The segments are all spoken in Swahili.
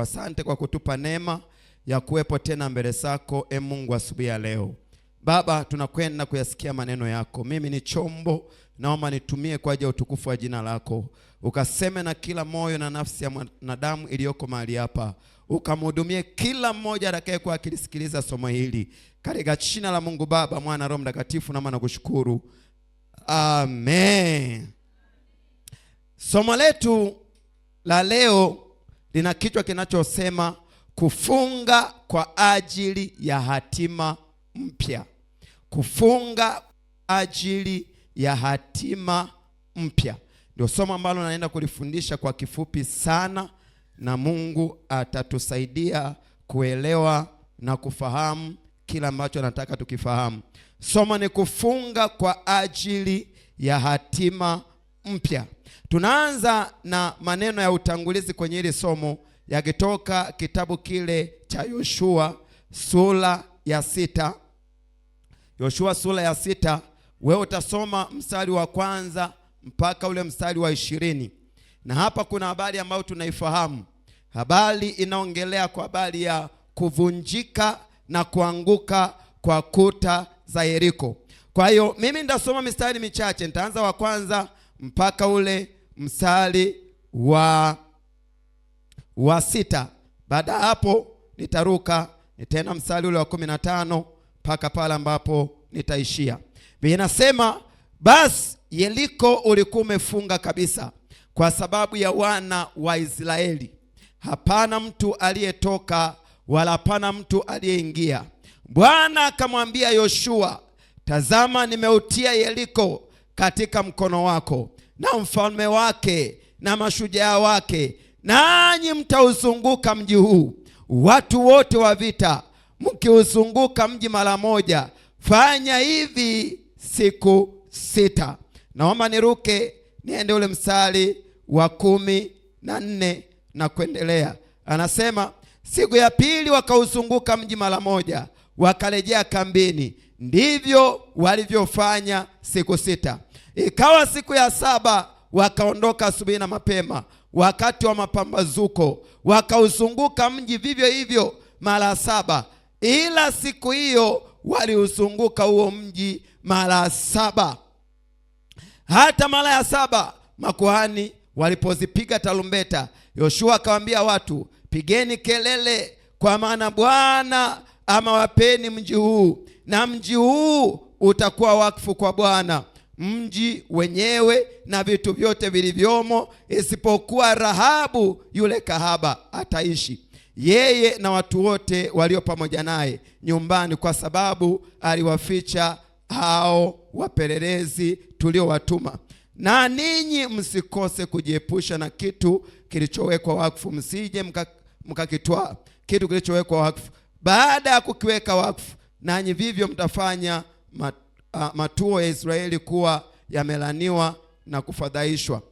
Asante kwa kutupa neema ya kuwepo tena mbele zako, e Mungu, asubuhi ya leo. Baba, tunakwenda kuyasikia maneno yako. Mimi ni chombo, naomba nitumie kwa ajili ya utukufu wa jina lako, ukaseme na kila moyo na nafsi ya mwanadamu iliyoko mahali hapa, ukamhudumie kila mmoja atakayekuwa akilisikiliza somo hili, katika jina la Mungu Baba, Mwana, Roho Mtakatifu, naomba kushukuru. amen. Somo letu la leo lina kichwa kinachosema kufunga kwa ajili ya hatima mpya. Kufunga kwa ajili ya hatima mpya ndio somo ambalo naenda kulifundisha kwa kifupi sana, na Mungu atatusaidia kuelewa na kufahamu kila ambacho nataka tukifahamu. Somo ni kufunga kwa ajili ya hatima mpya. Tunaanza na maneno ya utangulizi kwenye hili somo yakitoka kitabu kile cha Yoshua sura ya sita. Yoshua sura ya sita, wewe utasoma mstari wa kwanza mpaka ule mstari wa ishirini. Na hapa kuna habari ambayo tunaifahamu, habari inaongelea kwa habari ya kuvunjika na kuanguka kwa kuta za Yeriko. Kwa hiyo mimi nitasoma mistari michache, nitaanza wa kwanza mpaka ule msali wa, wa sita. Baada ya hapo nitaruka nitaenda msali ule wa kumi na tano mpaka pale ambapo nitaishia. Vinasema basi Yeriko ulikuwa umefunga kabisa kwa sababu ya wana wa Israeli, hapana mtu aliyetoka wala hapana mtu aliyeingia. Bwana akamwambia Yoshua, tazama nimeutia Yeriko katika mkono wako, na mfalme wake na mashujaa wake, nanyi mtauzunguka mji huu, watu wote wa vita, mkiuzunguka mji mara moja. Fanya hivi siku sita. Naomba niruke niende ule mstari wa kumi na nne na kuendelea. Anasema siku ya pili wakauzunguka mji mara moja, wakarejea kambini. Ndivyo walivyofanya siku sita. Ikawa siku ya saba wakaondoka asubuhi na mapema, wakati wa mapambazuko, wakauzunguka mji vivyo hivyo mara saba, ila siku hiyo waliuzunguka huo mji mara saba. Hata mara ya saba makuhani walipozipiga tarumbeta, Yoshua akawaambia watu, pigeni kelele, kwa maana Bwana amewapeni mji huu, na mji huu utakuwa wakfu kwa Bwana mji wenyewe na vitu vyote vilivyomo, isipokuwa Rahabu yule kahaba ataishi, yeye na watu wote walio pamoja naye nyumbani, kwa sababu aliwaficha hao wapelelezi tuliowatuma. Na ninyi msikose kujiepusha na kitu kilichowekwa wakfu, msije mkakitwaa kitu kilichowekwa wakfu. Baada ya kukiweka wakfu, nanyi vivyo mtafanya mat uh, matuo ya Israeli kuwa yamelaniwa na kufadhaishwa.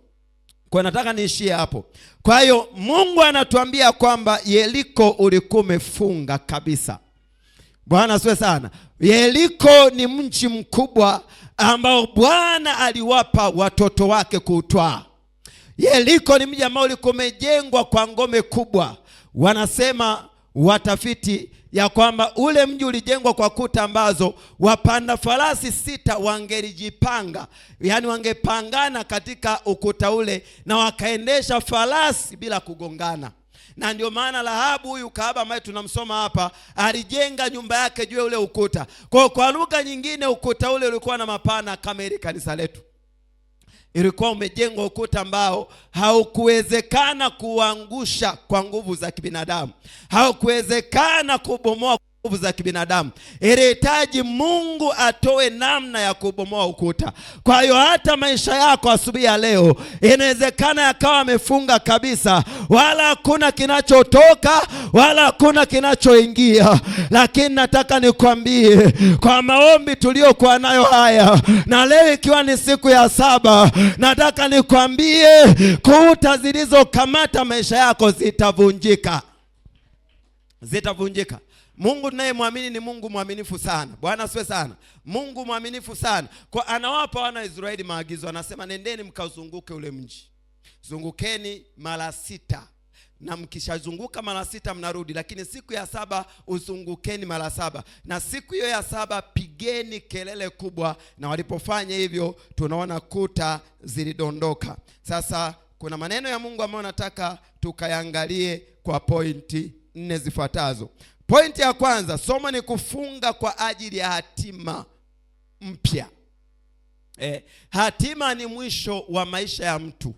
Kwa nataka niishie hapo. Kwa hiyo Mungu anatuambia kwamba Yeriko ulikuwa umefunga kabisa. Bwana asiwe sana. Yeriko ni mji mkubwa ambao Bwana aliwapa watoto wake kuutwaa. Yeriko ni mji ambao ulikuwa umejengwa kwa ngome kubwa, wanasema watafiti ya kwamba ule mji ulijengwa kwa kuta ambazo wapanda farasi sita wangelijipanga, yaani wangepangana katika ukuta ule na wakaendesha farasi bila kugongana na ndio maana Rahabu huyu kahaba ambaye tunamsoma hapa alijenga nyumba yake juu ya ule ukuta. Kwa kwa lugha nyingine, ukuta ule ulikuwa na mapana kama ile kanisa letu ilikuwa umejengwa ukuta ambao haukuwezekana kuangusha kwa nguvu za kibinadamu, haukuwezekana kubomoa nguvu za kibinadamu ilihitaji Mungu atoe namna ya kubomoa ukuta. Kwa hiyo hata maisha yako asubuhi ya leo inawezekana yakawa amefunga kabisa, wala hakuna kinachotoka wala hakuna kinachoingia, lakini nataka nikwambie kwa maombi tuliyokuwa nayo haya, na leo ikiwa ni siku ya saba, nataka nikwambie kuta zilizokamata maisha yako zitavunjika, zitavunjika. Mungu tunayemwamini ni Mungu mwaminifu sana. Bwana asifiwe sana. Mungu mwaminifu sana. Kwa anawapa wana Israeli maagizo, anasema nendeni mkauzunguke ule mji. Zungukeni mara sita na mkishazunguka mara sita mnarudi, lakini siku ya saba uzungukeni mara saba, na siku hiyo ya saba pigeni kelele kubwa. Na walipofanya hivyo, tunaona kuta zilidondoka. Sasa kuna maneno ya Mungu ambayo nataka tukayangalie kwa pointi nne zifuatazo. Pointi ya kwanza, somo ni kufunga kwa ajili ya hatima mpya. Eh, hatima ni mwisho wa maisha ya mtu.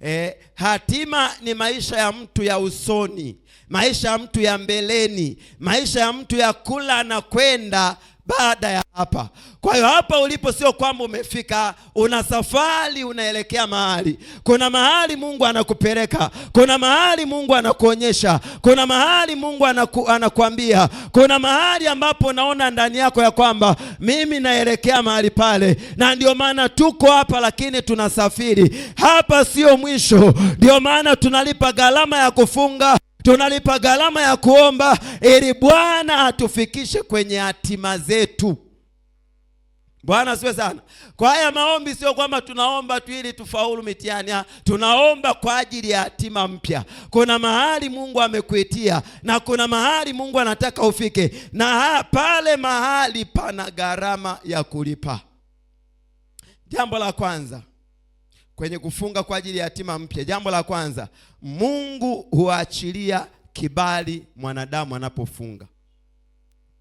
Eh, hatima ni maisha ya mtu ya usoni, maisha ya mtu ya mbeleni, maisha ya mtu ya kula na kwenda baada ya hapa. Kwa hiyo hapa ulipo sio kwamba umefika, una safari, unaelekea mahali. Kuna mahali Mungu anakupeleka, kuna mahali Mungu anakuonyesha, kuna mahali Mungu anaku, anakuambia, kuna mahali ambapo naona ndani yako ya kwamba mimi naelekea mahali pale, na ndio maana tuko hapa, lakini tunasafiri. Hapa sio mwisho, ndio maana tunalipa gharama ya kufunga, tunalipa gharama ya kuomba ili Bwana atufikishe kwenye hatima zetu. Bwana siwe sana. Kwa haya maombi sio kwamba tunaomba tu ili tufaulu mitihani, tunaomba kwa ajili ya hatima mpya. Kuna mahali Mungu amekuitia na kuna mahali Mungu anataka ufike, na pale mahali pana gharama ya kulipa. Jambo la kwanza kwenye kufunga kwa ajili ya hatima mpya. Jambo la kwanza, Mungu huachilia kibali mwanadamu anapofunga.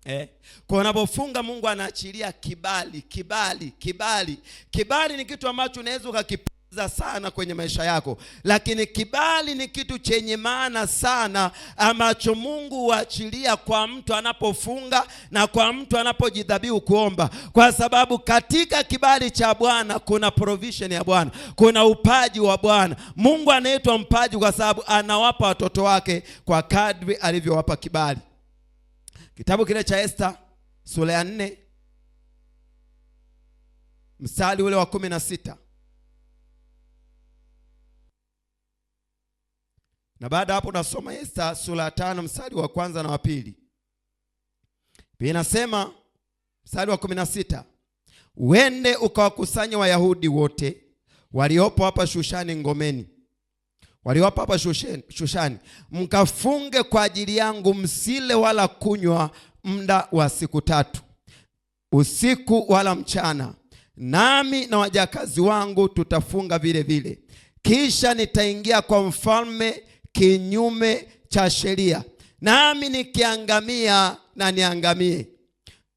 Eh, kwa unapofunga Mungu anaachilia kibali, kibali, kibali. Kibali ni kitu ambacho unaweza ukaki sana kwenye maisha yako, lakini kibali ni kitu chenye maana sana ambacho Mungu huachilia kwa mtu anapofunga na kwa mtu anapojidhabihu kuomba, kwa sababu katika kibali cha Bwana kuna provision ya Bwana, kuna upaji wa Bwana. Mungu anaitwa mpaji kwa sababu anawapa watoto wake kwa kadri alivyowapa kibali. Kitabu kile cha Esta sura ya nne mstari ule wa kumi na sita na baada hapo nasoma Esta sura ya tano mstari wa kwanza na wa pili. Inasema mstari wa kumi na sita ukawakusanya Wayahudi wote waliopo hapa Shushani ngomeni waliopo hapa Shushani, mkafunge kwa ajili yangu, msile wala kunywa muda wa siku tatu, usiku wala mchana, nami na wajakazi wangu tutafunga vile vile. Kisha nitaingia kwa mfalme kinyume cha sheria, nami nikiangamia na niangamie.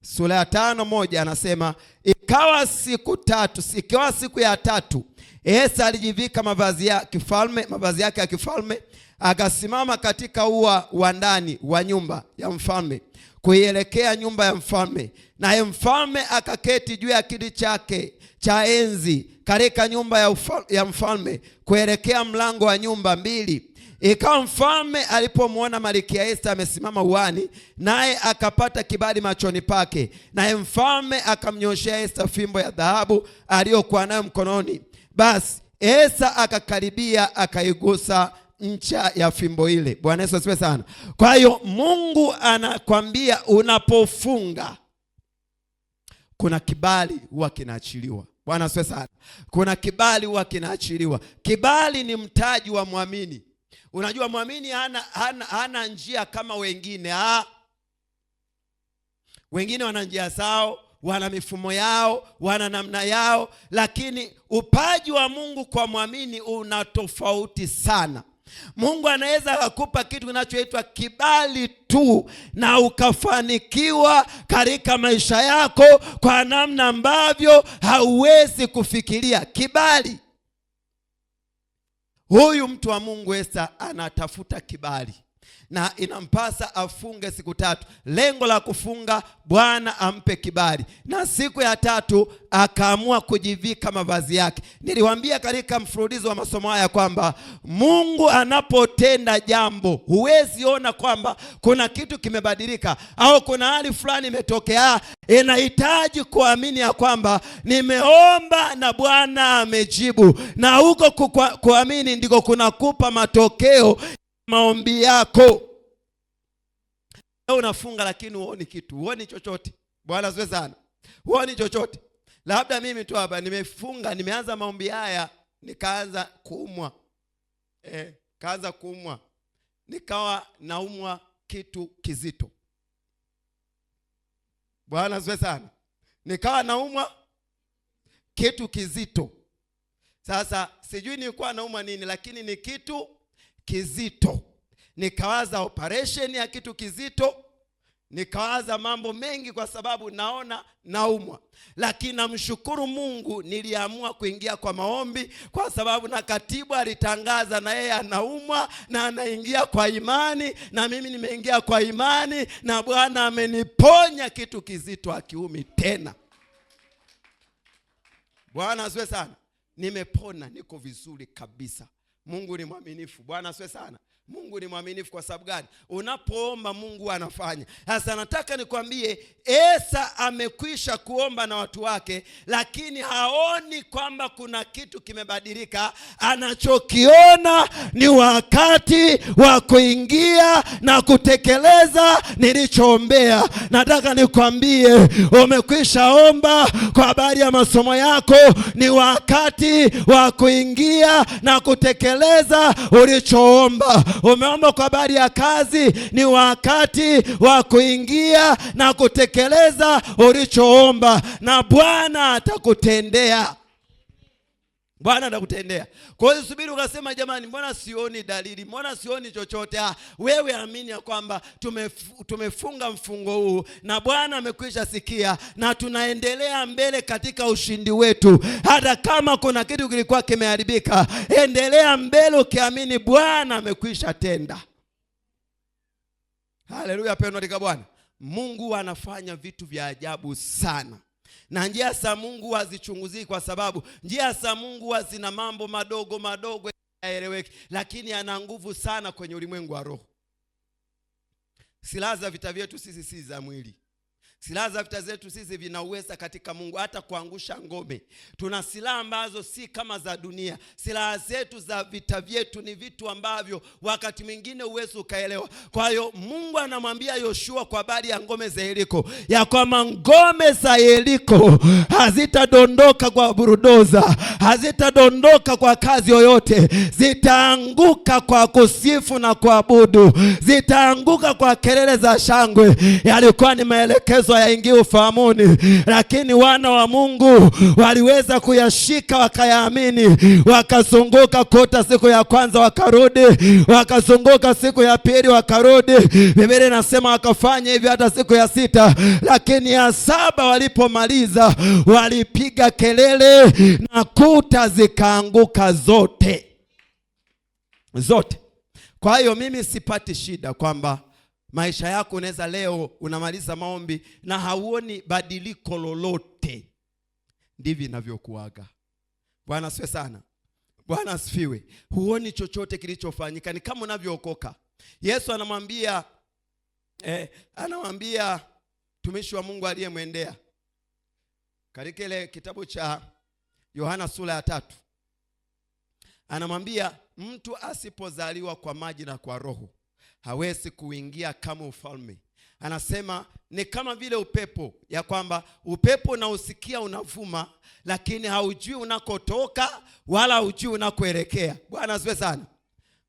Sura ya tano moja anasema ikawa siku tatu, ikawa siku ya tatu Yese alijivika mavazi ya kifalme, mavazi yake ya kifalme, akasimama katika ua wa ndani wa nyumba ya mfalme kuielekea nyumba ya mfalme, naye mfalme akaketi juu ya kiti chake cha enzi katika nyumba ya, ufalme, ya mfalme kuelekea mlango wa nyumba mbili Ikawa mfalme alipomwona Malkia Esta amesimama uani, naye akapata kibali machoni pake, naye mfalme akamnyoshea Esta fimbo ya dhahabu aliyokuwa nayo mkononi. Basi Esta akakaribia akaigusa ncha ya fimbo ile. Bwana Yesu asifiwe sana. Kwa hiyo Mungu anakwambia unapofunga, kuna kibali huwa kinaachiliwa. Bwana asifiwe sana. Kuna kibali huwa kinaachiliwa. Kibali ni mtaji wa mwamini. Unajua mwamini hana, hana, hana njia kama wengine ha? Wengine wana njia zao, wana mifumo yao, wana namna yao, lakini upaji wa Mungu kwa mwamini una tofauti sana. Mungu anaweza akakupa kitu kinachoitwa kibali tu na ukafanikiwa katika maisha yako kwa namna ambavyo hauwezi kufikiria. Kibali Huyu mtu wa Mungu Esta anatafuta kibali na inampasa afunge siku tatu. Lengo la kufunga, Bwana ampe kibali. Na siku ya tatu akaamua kujivika mavazi yake. Niliwaambia katika mfululizo wa masomo haya kwamba Mungu anapotenda jambo, huwezi ona kwamba kuna kitu kimebadilika au kuna hali fulani imetokea. Inahitaji kuamini ya kwamba nimeomba na Bwana amejibu, na huko kuamini ndiko kunakupa matokeo maombi yako. Leo unafunga lakini huoni kitu, huoni chochote. Bwana ziwe sana, huoni chochote. Labda mimi tu hapa nimefunga, nimeanza maombi haya nikaanza kuumwa eh, kaanza kuumwa, nikawa naumwa kitu kizito. Bwana ziwe sana, nikawa naumwa kitu kizito. Sasa sijui nilikuwa naumwa nini, lakini ni kitu kizito, nikawaza operation ya kitu kizito, nikawaza mambo mengi, kwa sababu naona naumwa, lakini namshukuru Mungu, niliamua kuingia kwa maombi, kwa sababu na katibu alitangaza na yeye anaumwa na anaingia kwa imani, na mimi nimeingia kwa imani, na Bwana ameniponya kitu kizito, akiumi tena. Bwana asiwe sana, nimepona, niko vizuri kabisa. Mungu ni mwaminifu. Bwana asiwe sana. Mungu ni mwaminifu kwa sababu gani? Unapoomba Mungu anafanya. Sasa nataka nikwambie, Esa amekwisha kuomba na watu wake, lakini haoni kwamba kuna kitu kimebadilika. Anachokiona ni wakati wa kuingia na kutekeleza nilichoombea. Nataka nikwambie, umekwisha omba kwa habari ya masomo yako, ni wakati wa kuingia na kutekeleza Tekeleza ulichoomba. Umeomba kwa habari ya kazi, ni wakati wa kuingia na kutekeleza ulichoomba, na Bwana atakutendea. Bwana atakutendea. Kwa hiyo subiri ukasema, jamani, mbona sioni dalili, mbona sioni chochote? Ah, wewe amini ya kwamba tumefunga mfungo huu na Bwana amekwisha sikia, na tunaendelea mbele katika ushindi wetu. Hata kama kuna kitu kilikuwa kimeharibika, endelea mbele ukiamini Bwana amekwisha tenda. Haleluya, pendwa katika Bwana. Mungu anafanya vitu vya ajabu sana na njia za Mungu hazichunguzii, kwa sababu njia za Mungu zina mambo madogo madogo yaeleweki, lakini ana nguvu sana kwenye ulimwengu wa roho. Silaha za vita vyetu sisi si za mwili, Silaha za vita zetu sisi vina uweza katika Mungu hata kuangusha ngome. Tuna silaha ambazo si kama za dunia. Silaha zetu za vita vyetu ni vitu ambavyo wakati mwingine uwezo ukaelewa. Kwa hiyo Mungu anamwambia Yoshua kwa habari ya ngome za Yeriko, ya kwamba ngome za Yeriko hazitadondoka kwa burudoza, hazitadondoka kwa kazi yoyote, zitaanguka kwa kusifu na kuabudu, zitaanguka kwa kelele za shangwe. Yalikuwa ni maelekezo mawazo hayaingii ufahamuni, lakini wana wa Mungu waliweza kuyashika wakayaamini, wakazunguka kuta siku ya kwanza wakarudi, wakazunguka siku ya pili wakarudi. Biblia inasema wakafanya hivyo hata siku ya sita, lakini ya saba walipomaliza walipiga kelele na kuta zikaanguka zote zote. Kwa hiyo mimi sipati shida kwamba maisha yako unaweza leo unamaliza maombi na hauoni badiliko lolote. Ndivyo inavyokuaga. Bwana asifiwe sana. Bwana asifiwe. Huoni chochote kilichofanyika, ni kama unavyookoka. Yesu anamwambia eh, anamwambia mtumishi wa Mungu aliyemwendea katika ile kitabu cha Yohana sura ya tatu, anamwambia mtu asipozaliwa kwa maji na kwa Roho hawezi kuingia kama ufalme. Anasema ni kama vile upepo, ya kwamba upepo unausikia unavuma, lakini haujui unakotoka wala haujui unakoelekea. Bwana asifiwe sana.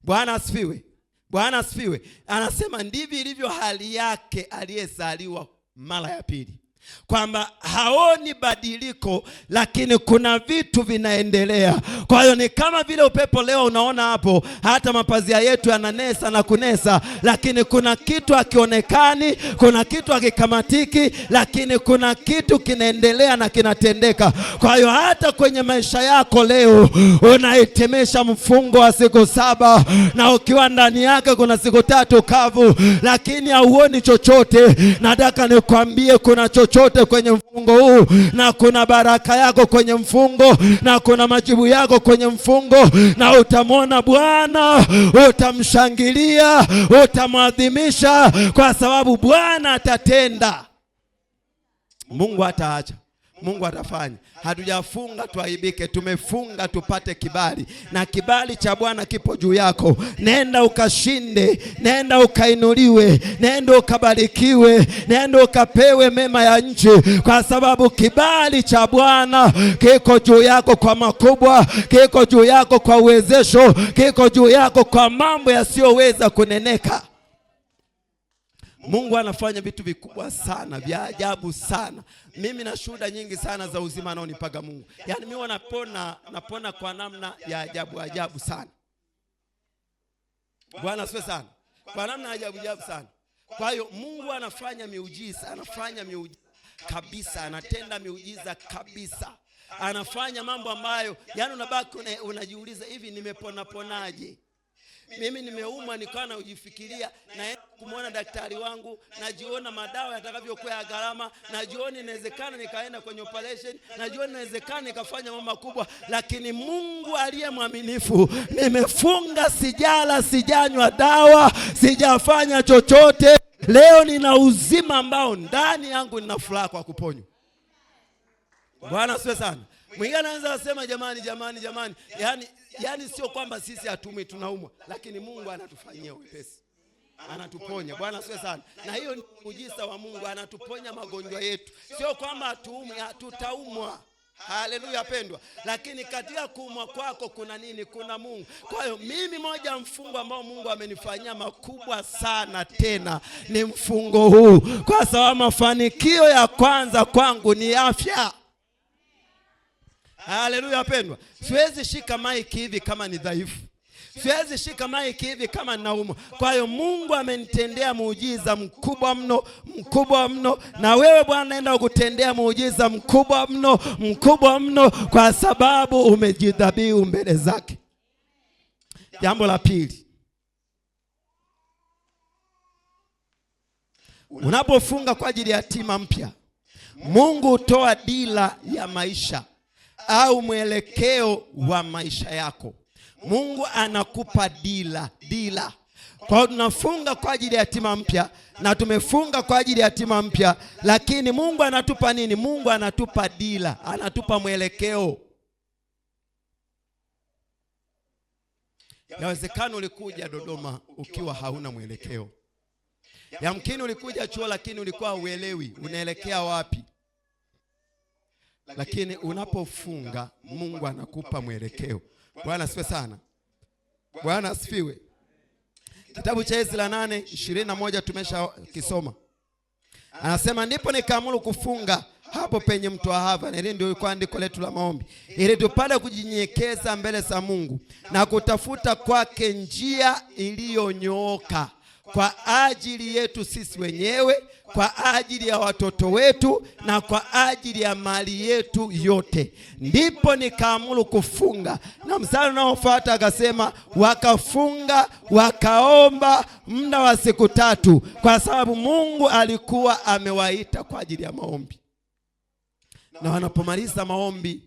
Bwana asifiwe. Bwana asifiwe. Anasema ndivyo ilivyo hali yake aliyezaliwa mara ya pili kwamba haoni badiliko, lakini kuna vitu vinaendelea. Kwa hiyo ni kama vile upepo leo, unaona hapo, hata mapazia yetu yananesa na kunesa, lakini kuna kitu hakionekani, kuna kitu hakikamatiki, lakini kuna kitu kinaendelea na kinatendeka. Kwa hiyo hata kwenye maisha yako leo unahitimisha mfungo wa siku saba na ukiwa ndani yake kuna siku tatu kavu, lakini hauoni chochote. Nataka nikwambie kuna chochote chochote kwenye mfungo huu, na kuna baraka yako kwenye mfungo, na kuna majibu yako kwenye mfungo, na utamwona Bwana, utamshangilia, utamwadhimisha, kwa sababu Bwana atatenda, Mungu ataacha Mungu atafanya. Hatujafunga tuaibike, tumefunga tupate kibali, na kibali cha Bwana kipo juu yako. Nenda ukashinde, nenda ukainuliwe, nenda ukabarikiwe, nenda ukapewe mema ya nchi, kwa sababu kibali cha Bwana kiko juu yako kwa makubwa, kiko juu yako kwa uwezesho, kiko juu yako kwa mambo yasiyoweza kuneneka. Mungu anafanya vitu vikubwa sana vya ajabu sana. Mimi na shuhuda nyingi sana za uzima anaonipaga Mungu. Yaani mimi wanapona, napona kwa namna ya ajabu ajabu sana. Bwana asifiwe sana. Kwa namna ya ajabu ajabu sana. Kwa hiyo Mungu anafanya miujiza, anafanya miujiza kabisa, anatenda miujiza kabisa, anafanya mambo ambayo yaani unabaki unajiuliza hivi, nimeponaponaje? Mimi nimeumwa nikawa naujifikiria, naenda kumwona daktari wangu, najiona madawa yatakavyokuwa ya gharama, najiona inawezekana nikaenda kwenye operation, najiona inawezekana nikafanya mambo makubwa lakini Mungu aliye mwaminifu, nimefunga, sijala, sijanywa dawa, sijafanya chochote. Leo nina uzima ambao ndani yangu nina furaha kwa kuponywa. Bwana siwe sana. Mwingine anaanza kusema jamani, jamani, jamani, yaani Yaani sio kwamba sisi hatumi tunaumwa, lakini Mungu anatufanyia upesi, anatuponya. Bwana sio sana, na hiyo ni muujiza wa Mungu, anatuponya magonjwa yetu. Sio kwamba hatuumwi, hatutaumwa. Haleluya pendwa, lakini katika kuumwa kwako kuna nini? Kuna Mungu. Kwa hiyo mimi, moja mfungo ambao Mungu amenifanyia makubwa sana tena ni mfungo huu, kwa sababu mafanikio ya kwanza kwangu ni afya. Haleluya wapendwa. Siwezi shika maiki hivi kama ni dhaifu. Siwezi shika maiki hivi kama naumwa. Kwa hiyo Mungu amenitendea muujiza mkubwa mno, mkubwa mno, na wewe Bwana naenda kukutendea muujiza mkubwa mno, mkubwa mno, kwa sababu umejidhabihu mbele zake. Jambo la pili, unapofunga kwa ajili ya hatima mpya, Mungu hutoa dira ya maisha au mwelekeo wa maisha yako. Mungu anakupa dila dila Kwa hiyo tunafunga kwa ajili ya tima mpya na tumefunga kwa ajili ya tima mpya, lakini Mungu anatupa nini? Mungu anatupa dila anatupa mwelekeo. Yawezekana ulikuja Dodoma ukiwa hauna mwelekeo, yamkini ulikuja chuo lakini ulikuwa uelewi unaelekea wapi lakini unapofunga Mungu anakupa mwelekeo. Bwana asifiwe sana. Bwana asifiwe. Kitabu cha Ezra nane ishirini na moja tumesha kisoma, anasema ndipo nikaamuru kufunga hapo penye mto Ahava. Hili ndio ilikuwa andiko letu la maombi, ili tupate kujinyekeza mbele za Mungu na kutafuta kwake njia iliyonyooka kwa ajili yetu sisi wenyewe, kwa ajili ya watoto wetu na kwa ajili ya mali yetu yote. Ndipo nikaamuru kufunga, na mstari unaofuata akasema, wakafunga wakaomba muda wa siku tatu, kwa sababu Mungu alikuwa amewaita kwa ajili ya maombi. Na wanapomaliza maombi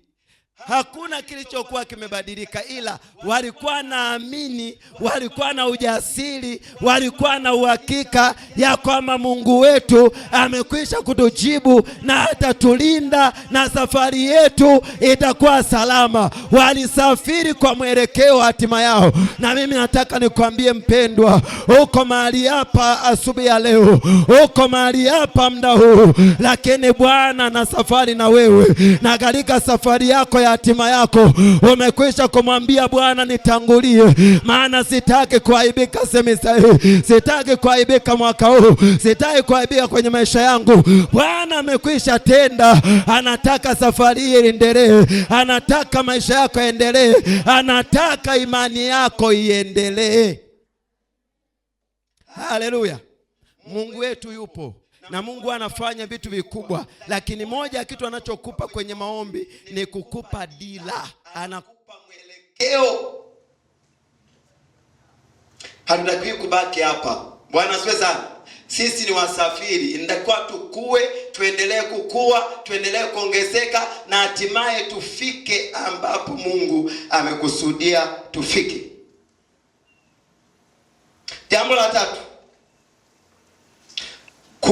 Hakuna kilichokuwa kimebadilika, ila walikuwa na amini, walikuwa na ujasiri, walikuwa na uhakika ya kwamba Mungu wetu amekwisha kutujibu na atatulinda na safari yetu itakuwa salama. Walisafiri kwa mwelekeo hatima yao, na mimi nataka nikwambie mpendwa, uko mahali hapa asubuhi ya leo, uko mahali hapa muda huu, lakini Bwana na safari na wewe, na katika safari yako ya ya hatima yako. Umekwisha kumwambia Bwana, nitangulie, maana sitaki kuaibika semesta hii, sitaki kuaibika mwaka huu, sitaki kuaibika kwenye maisha yangu. Bwana amekwisha tenda, anataka safari hii iendelee, anataka maisha yako yaendelee, anataka imani yako iendelee. Haleluya! Mungu wetu yupo na Mungu anafanya vitu vikubwa, lakini moja ya kitu anachokupa kwenye maombi ni kukupa dira, anakupa mwelekeo. Hatutakiwi kubaki hapa. Bwana asifiwe sana. Sisi ni wasafiri, inatakiwa tukue, tuendelee kukua, tuendelee kuongezeka na hatimaye tufike ambapo Mungu amekusudia tufike. Jambo la tatu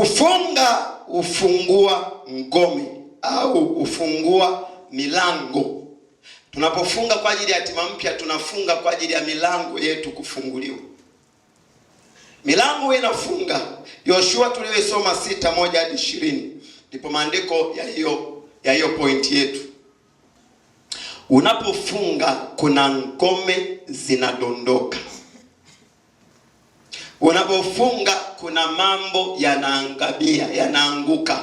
Kufunga ufungua ngome au ufungua milango. Tunapofunga kwa ajili ya hatima mpya, tunafunga kwa ajili ya milango yetu kufunguliwa. Milango inafunga. Yoshua tuliyosoma sita moja hadi ishirini ndipo maandiko ya hiyo ya hiyo pointi yetu. Unapofunga kuna ngome zinadondoka. Unapofunga kuna mambo yanaangamia, yanaanguka.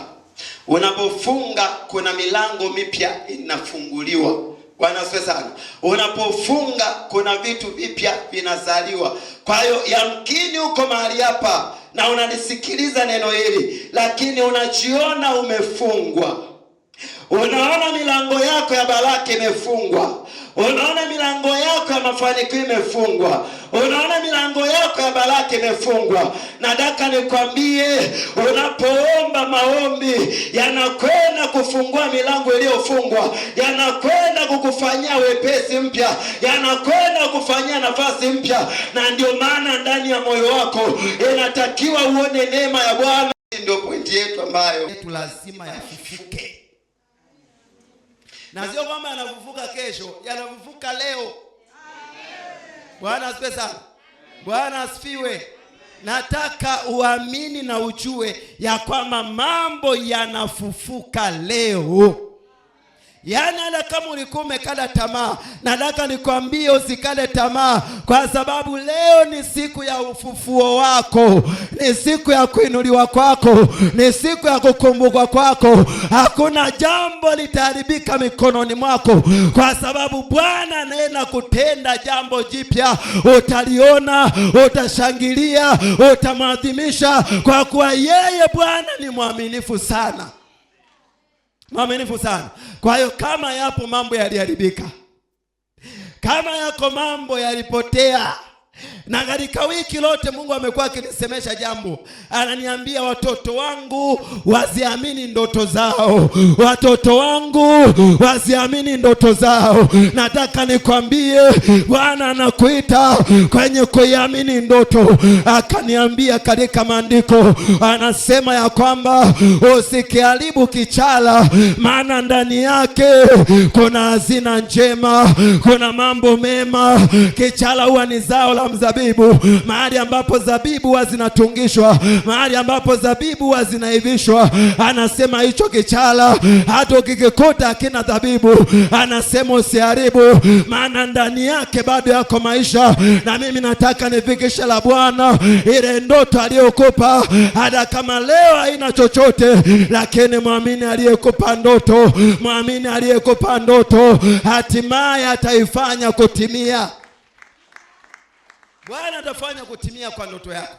Unapofunga kuna milango mipya inafunguliwa. Bwana asifiwe sana. Unapofunga kuna vitu vipya vinazaliwa. Kwa hiyo yamkini uko mahali hapa na unalisikiliza neno hili, lakini unajiona umefungwa Unaona milango yako ya baraka imefungwa, unaona milango yako ya mafanikio imefungwa, unaona milango yako ya baraka imefungwa. Nataka nikwambie, unapoomba maombi yanakwenda kufungua milango iliyofungwa, yanakwenda kukufanyia wepesi mpya, yanakwenda kufanyia nafasi mpya. Na ndio maana ndani ya moyo wako inatakiwa uone neema ya Bwana. Ndio pointi yetu ambayo lazima yafufuke na sio kwamba yanafufuka kesho, yanafufuka leo. Bwana asifiwe sana. Bwana asifiwe. Nataka uamini na ujue ya kwamba mambo yanafufuka leo. Yaani hata kama ulikuwa umekata tamaa, nataka nikwambie usikate tamaa, kwa sababu leo ni siku ya ufufuo wako, ni siku ya kuinuliwa kwako, ni siku ya kukumbukwa kwako. Hakuna jambo litaharibika mikononi mwako, kwa sababu Bwana anaenda kutenda jambo jipya. Utaliona, utashangilia, utamwadhimisha, kwa kuwa yeye Bwana ni mwaminifu sana mwaminifu sana. Kwa hiyo kama yapo mambo yaliharibika, kama yako mambo yalipotea na katika wiki lote Mungu amekuwa akinisemesha jambo, ananiambia watoto wangu waziamini ndoto zao, watoto wangu waziamini ndoto zao. Nataka nikwambie, Bwana anakuita kwenye kuiamini ndoto. Akaniambia katika maandiko, anasema ya kwamba usikiharibu kichala, maana ndani yake kuna hazina njema, kuna mambo mema. Kichala huwa ni zao la wa mzabibu, mahali ambapo zabibu huwa zinatungishwa, mahali ambapo zabibu huwa zinaivishwa. Anasema hicho kichala hata ukikikuta akina dhabibu, anasema usiharibu, maana ndani yake bado yako maisha. Na mimi nataka nifikishe la Bwana ile ndoto aliyokupa, hata kama leo haina chochote, lakini mwamini aliyekupa ndoto, mwamini aliyekupa ndoto hatimaye ataifanya kutimia. Bwana atafanya kutimia kwa ndoto yako.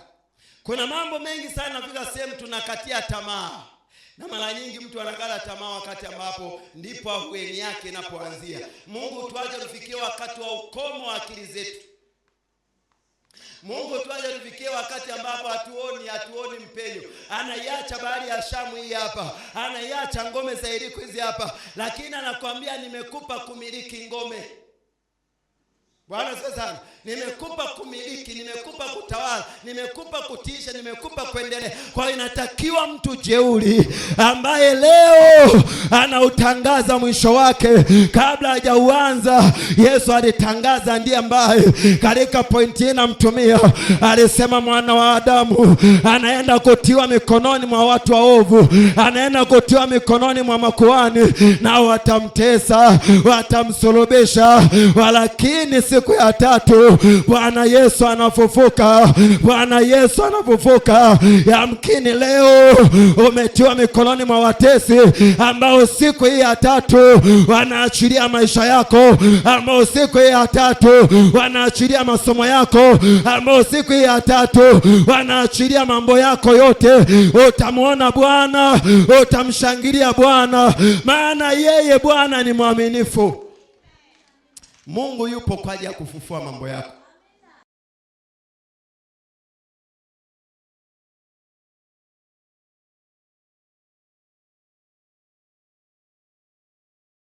Kuna mambo mengi sana nafika sehemu tunakatia tamaa, na mara nyingi mtu anakata tamaa wakati ambapo ndipo ahueni yake inapoanzia. Mungu, tuaje tufikie wakati wa ukomo wa akili zetu. Mungu, tuaje tufikie wakati ambapo hatuoni hatuoni mpenyo. Anaiacha bahari ya Shamu hii hapa, anaiacha ngome za Yeriko hizi hapa, lakini anakuambia nimekupa kumiliki ngome Bwana sasa, nimekupa kumiliki, nimekupa kutawala, nimekupa kutiisha, nimekupa kuendelea. Kwa inatakiwa mtu jeuri ambaye leo anautangaza mwisho wake kabla hajauanza. Yesu alitangaza, ndiye ambaye katika pointi hii namtumia, alisema mwana wa Adamu anaenda kutiwa mikononi mwa watu waovu, anaenda kutiwa mikononi mwa makuhani, nao watamtesa, watamsulubisha, walakini siku ya tatu Bwana Yesu anafufuka. Bwana Yesu anafufuka. Yamkini leo umetiwa mikononi mwa watesi ambao siku hii ya tatu wanaachilia maisha yako, ambao siku hii ya tatu wanaachilia masomo yako, ambao siku hii ya tatu wanaachilia mambo yako yote. Utamwona Bwana, utamshangilia Bwana, maana yeye Bwana ni mwaminifu. Mungu yupo kwa ajili ya kufufua mambo yako.